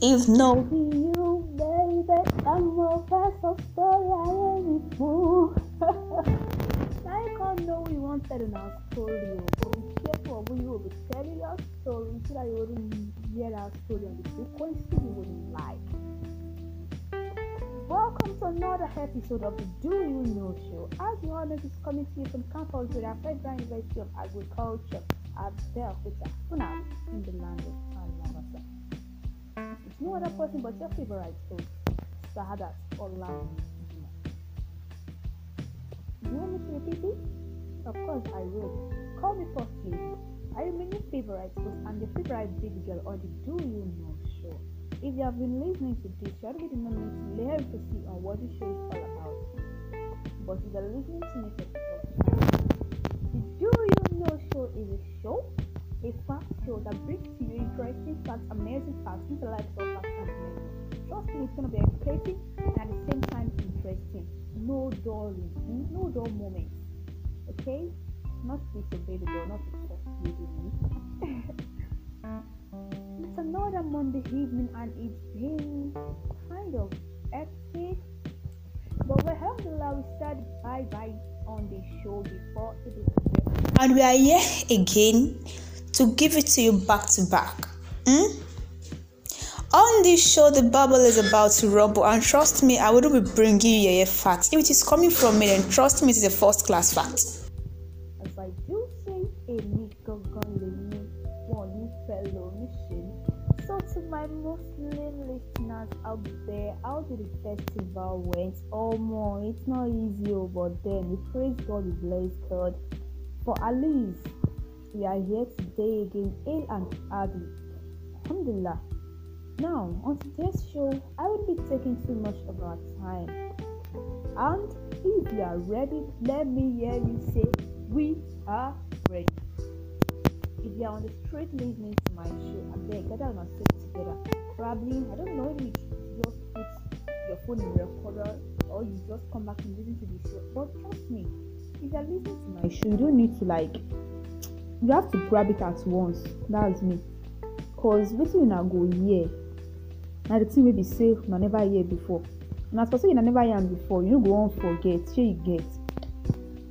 If no you, baby, I'm a fast of story anymore. like I oh, know we wanted in our story, but be careful when will be telling your story so that you wouldn't hear our story on the frequency you wouldn't like. Welcome to another episode of the Do You Know Show. As you all know, this coming to you from campus with our Federal University of Agriculture at Delft, Funab, in the land of Panama. It's no other person but your favorite host, Sahadat do You want me to repeat it? Of course I will. Call me first, please. I you your favorite host and your favorite big girl on the Do You Know show. If you have been listening to this, you already know me to layer to see on what the show is all about. But if you're listening to me for the first time, the Do You Know show is a show a fast show that brings to you interesting facts, amazing facts, intellectual facts, and many. Trust me, it's going to be exciting and at the same time interesting. No dulling, no dull moments. Okay? Not disobey the door, not disobey It's another Monday evening and it's been kind of hectic. But we the we said bye bye on the show before it is. And we are here again to give it to you back to back. Hmm? On this show, the bubble is about to rumble, and trust me, I wouldn't be bringing you your facts. If it is coming from me, then trust me, it is a first class fact. As I do one fellow mission. So, to my Muslim listeners out there, how did the festival went? Oh, more, it's not easy, oh, but then we praise God, we bless God for at least we are here today again, ill and ugly. Alhamdulillah. Now, on today's show, I will be taking too much of our time. And if you are ready, let me hear you say, We are ready. If you are on the street listening to my show, I beg, gather yourself together. Probably, I don't know, if you just put your phone in recorder or you just come back and listen to the show. But trust me, if you are listening to my show, you don't need to like you have to grab it at once that's me cause wetin una go hear na the thing wey be say una never hear before and as for say una never hear am before you no go wan forget shey you get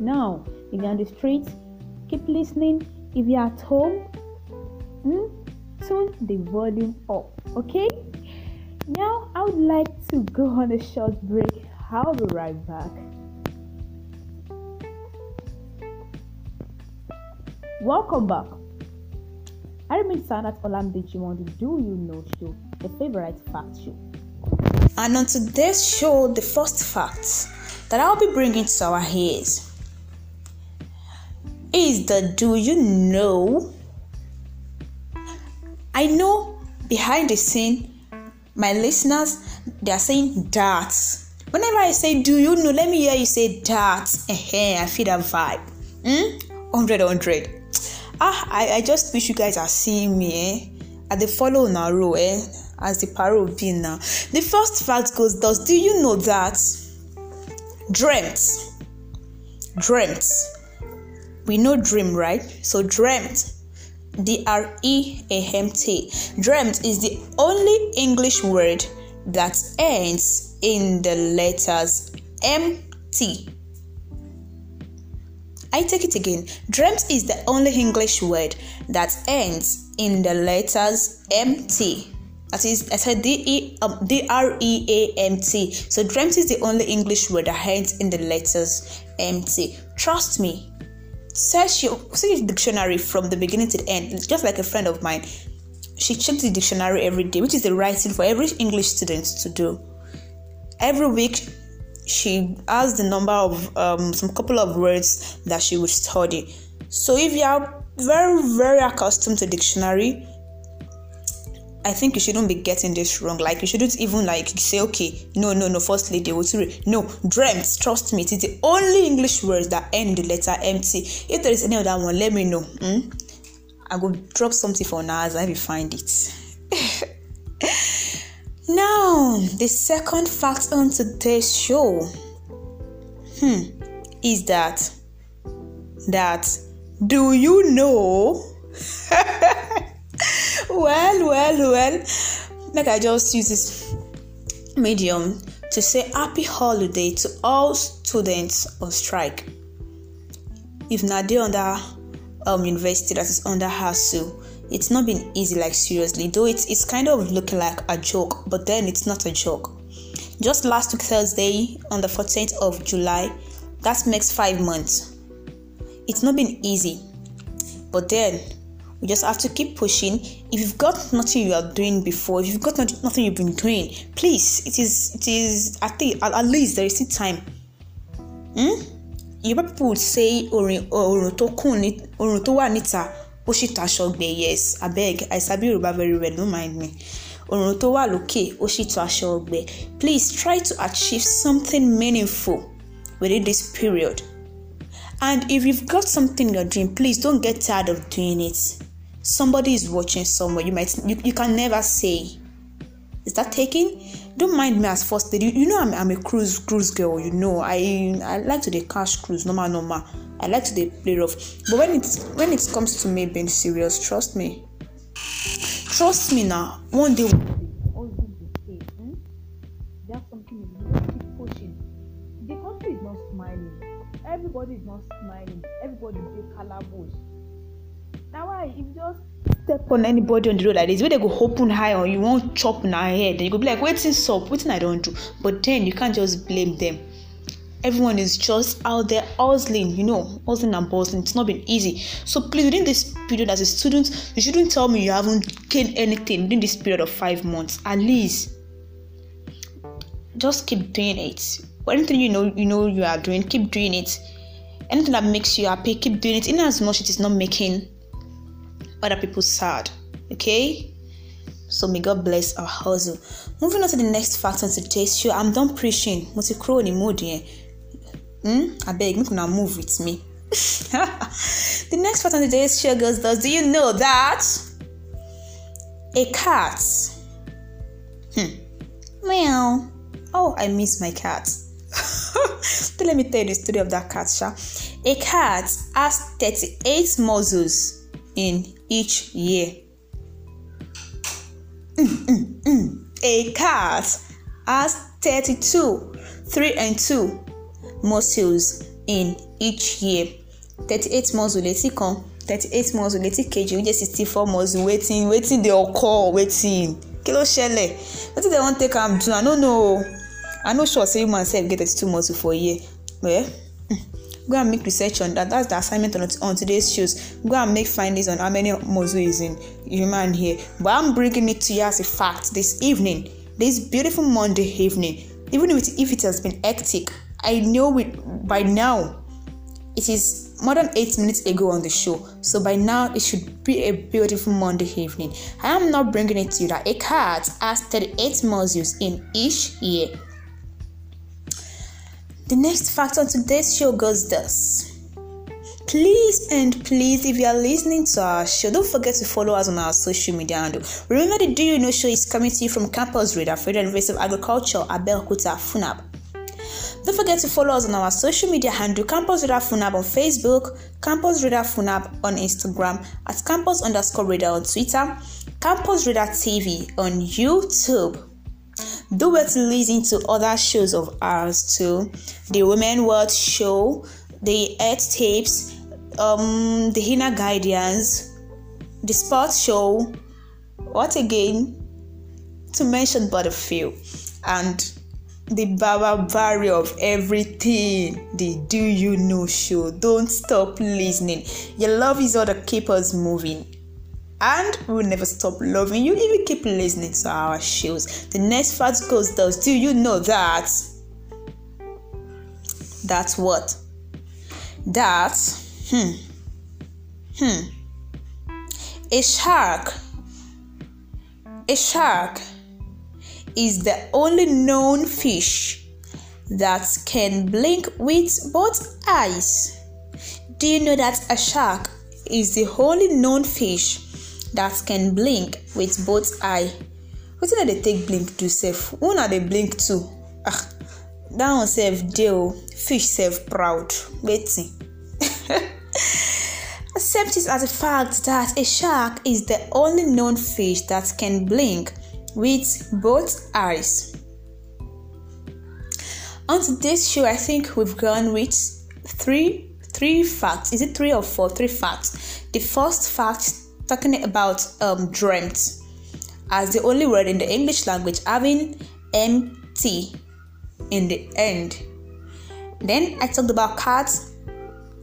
now if you're on the street keep lis ten ing if you're at home hmm, tune the volume up okay now i would like to go on a short break i'll be right back. Welcome back. I remain Sanat Olamdeji on the Do You Know Show, the favorite fact show. And on today's show, the first fact that I'll be bringing to our ears is the Do You Know? I know behind the scene, my listeners, they are saying that. Whenever I say, Do you know? Let me hear you say that. I feel that vibe. Hmm? 100 100 ah I, I just wish you guys are seeing me eh at the follow on our row eh as the parole being now the first fact goes thus do you know that dreamt dreamt we know dream right so dreamt d-r-e-a-m-t dreamt is the only english word that ends in the letters mt I take it again. Dreams is the only English word that ends in the letters MT. That is, I said um, D R E A M T. So dreams is the only English word that ends in the letters MT. Trust me. Search your search your dictionary from the beginning to the end. Just like a friend of mine, she checks the dictionary every day, which is the right thing for every English student to do. Every week, she has the number of um, some couple of words that she would study. So if you are very very accustomed to dictionary, I think you shouldn't be getting this wrong. Like you shouldn't even like say, okay, no, no, no, first lady will No, dreamt, trust me, it is the only English words that end the letter M. T. If there is any other one, let me know. Hmm? I will drop something for now as I will find it. Now, the second fact on today's show hmm, is that that do you know? well, well, well. Like I just use this medium to say happy holiday to all students on strike. If not, they under um, university that is under HASU, it's not been easy, like seriously, though it's, it's kind of looking like a joke, but then it's not a joke. Just last week, Thursday, on the 14th of July, that makes five months. It's not been easy, but then we just have to keep pushing. If you've got nothing you are doing before, if you've got nothing you've been doing, please, it is, it is, at, least there is still time. Hmm? You people would say, Orun to wa nita. Oshitashogbe yes abeg I sabi Yoruba very well no mind me òrùn tó wà lókè ó sì please try to achieve something meaningful within this period and if you've got something you're doing please don't get tired of doing it somebody is watching somewhere you might you, you can never say is that taking don't mind me as first lady you know i'm i'm a cruise cruise girl you know i i like to dey cash cruise normal normal i like to dey play rough but when it when it comes to me being serious trust me trust me now. one day always dey say hmm? there's something you need to keep pushing the country is not smiling everybody is not smiling everybody dey calaboose na why if just step on anybody on the road like this, where they go open high or you, won't chop in our head, and you go be like, waiting stop, waiting I don't do. But then you can't just blame them. Everyone is just out there hustling, you know, hustling and bustling. It's not been easy. So please, within this period as a student, you shouldn't tell me you haven't gained anything within this period of five months. At least, just keep doing it. Anything you know, you know you are doing, keep doing it. Anything that makes you happy, keep doing it. In as much as it is not making other people sad. Okay? So may God bless our hustle. Moving on to the next fact on today's show. I'm done preaching. Must crow any mood here. Hmm? I beg you now move with me. the next fact on today's show goes thus. Do you know that a cat? Hmm. Meow. Oh, I miss my cat. let me tell you the story of that cat, Sha. A cat has 38 muscles in each year. Mm, mm, mm. A cat has 32, 3 and 2 muscles in each year. 38 muscle létí kan 38 muscle létí kejì ó Just 64 muscle wetin wetin dey occur wetin kí ló ṣẹlẹ̀ wetin dey wan take am do i no know o i no sure say human sef get 32 muscles for year. Well, Go and make research on that. That's the assignment on, on today's shows. Go and make findings on how many mozu is in human here. But I'm bringing it to you as a fact this evening, this beautiful Monday evening. Even if it, if it has been hectic, I know it by now. It is more than eight minutes ago on the show, so by now it should be a beautiful Monday evening. I am not bringing it to you that a cat has 38 muscles in each year. The next fact on today's show goes thus. Please and please, if you are listening to our show, don't forget to follow us on our social media handle. Remember, the Do You Know show is coming to you from Campus Radar, Federal University of Agriculture, Abeokuta, Funab. Don't forget to follow us on our social media handle Campus Radar Funab on Facebook, Campus Radar Funab on Instagram, at Campus underscore Radar on Twitter, Campus Radar TV on YouTube. Do well to listen to other shows of ours too the Women World Show, the Earth Tapes, um, the Inner Guardians, the Sports Show. What again? To mention but a few. And the Barry of everything the do you know show don't stop listening your love is all that keeps us moving and we will never stop loving you if you keep listening to our shows. The next fat goes does. Do you know that? That's what? That hmm hmm a shark a shark is the only known fish that can blink with both eyes. Do you know that a shark is the only known fish that can blink with both eye wetin i they take blink self? Who are they blink too ah that one sef deal. Oh. fish self proud Betty. accept it as a fact that a shark is the only known fish that can blink with both eyes. On today's show, I think we've gone with three three facts. Is it three or four? Three facts. The first fact talking about um, dreamt as the only word in the English language having MT in the end. Then I talked about cats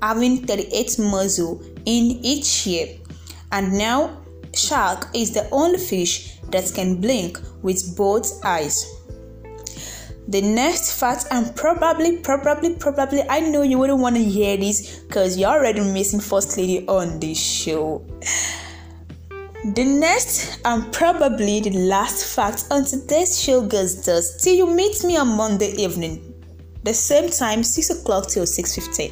having 38 muzzle in each year. And now shark is the only fish that can blink with both eyes. The next fact, and probably, probably, probably, I know you wouldn't want to hear this because you're already missing First Lady on this show. The next and probably the last fact on today's show goes thus till you meet me on Monday evening, the same time, 6 o'clock till 6.15.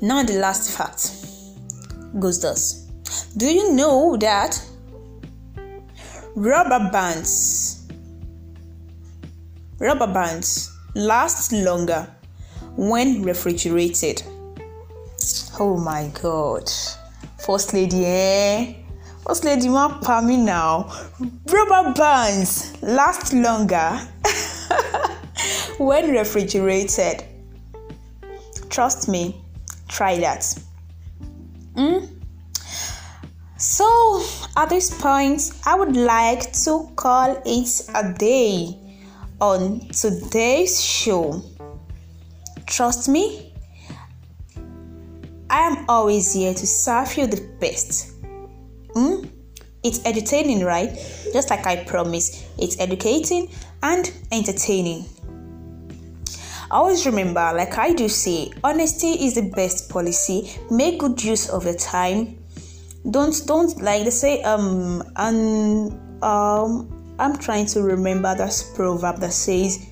Now the last fact goes thus. Do you know that rubber bands rubber bands last longer when refrigerated? Oh my god. First lady, eh? First lady, ma pa me now. Rubber bands last longer when refrigerated. Trust me, try that. Mm? So, at this point, I would like to call it a day on today's show. Trust me, I am always here to serve you the best. Mm? It's entertaining, right? Just like I promised, it's educating and entertaining. Always remember, like I do say, honesty is the best policy. Make good use of your time. Don't don't like they say um and um I'm trying to remember that proverb that says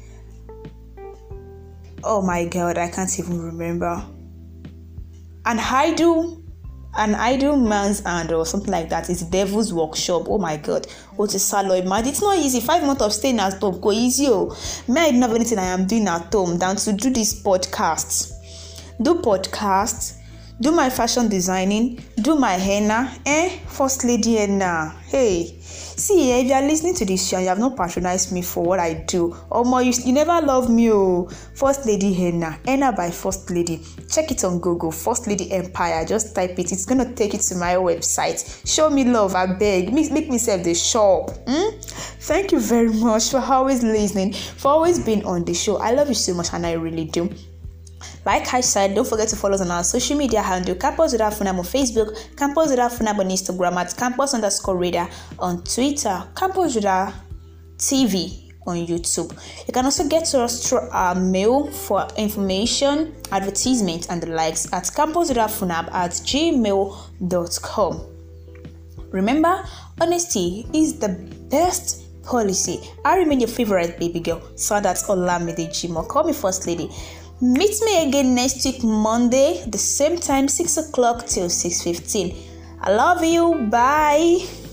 Oh my god, I can't even remember an idol an idle man's hand or something like that is devil's workshop oh my god what is ti mad it's not easy five months of staying at home kò easy oh? me i not have anything i am doing at home than to do this podcast do podcasts. do my fashion designing do my henna eh first lady henna hey see eh, if you are listening to this show and you have not patronized me for what i do omo you, you never love me oh first lady henna henna eh, by first lady check it on google first lady empire just type it it's gonna take you to my website show me love abeg make, make me sef dey shop hmm? thank you very much for always listening for always being on the show i love you so much and i really do Like I said, don't forget to follow us on our social media handle Campus Without Funab on Facebook, Campus Without Funab on Instagram at Campus underscore Radar on Twitter, Campus Without TV on YouTube. You can also get to us through our mail for information, advertisement, and the likes at campusrafunab at gmail.com. Remember, honesty is the best policy. I remain your favorite baby girl, so that's Olamide Jimo. Call me First Lady. Meet me again next week, Monday, the same time, 6 o'clock till 6.15. I love you. Bye.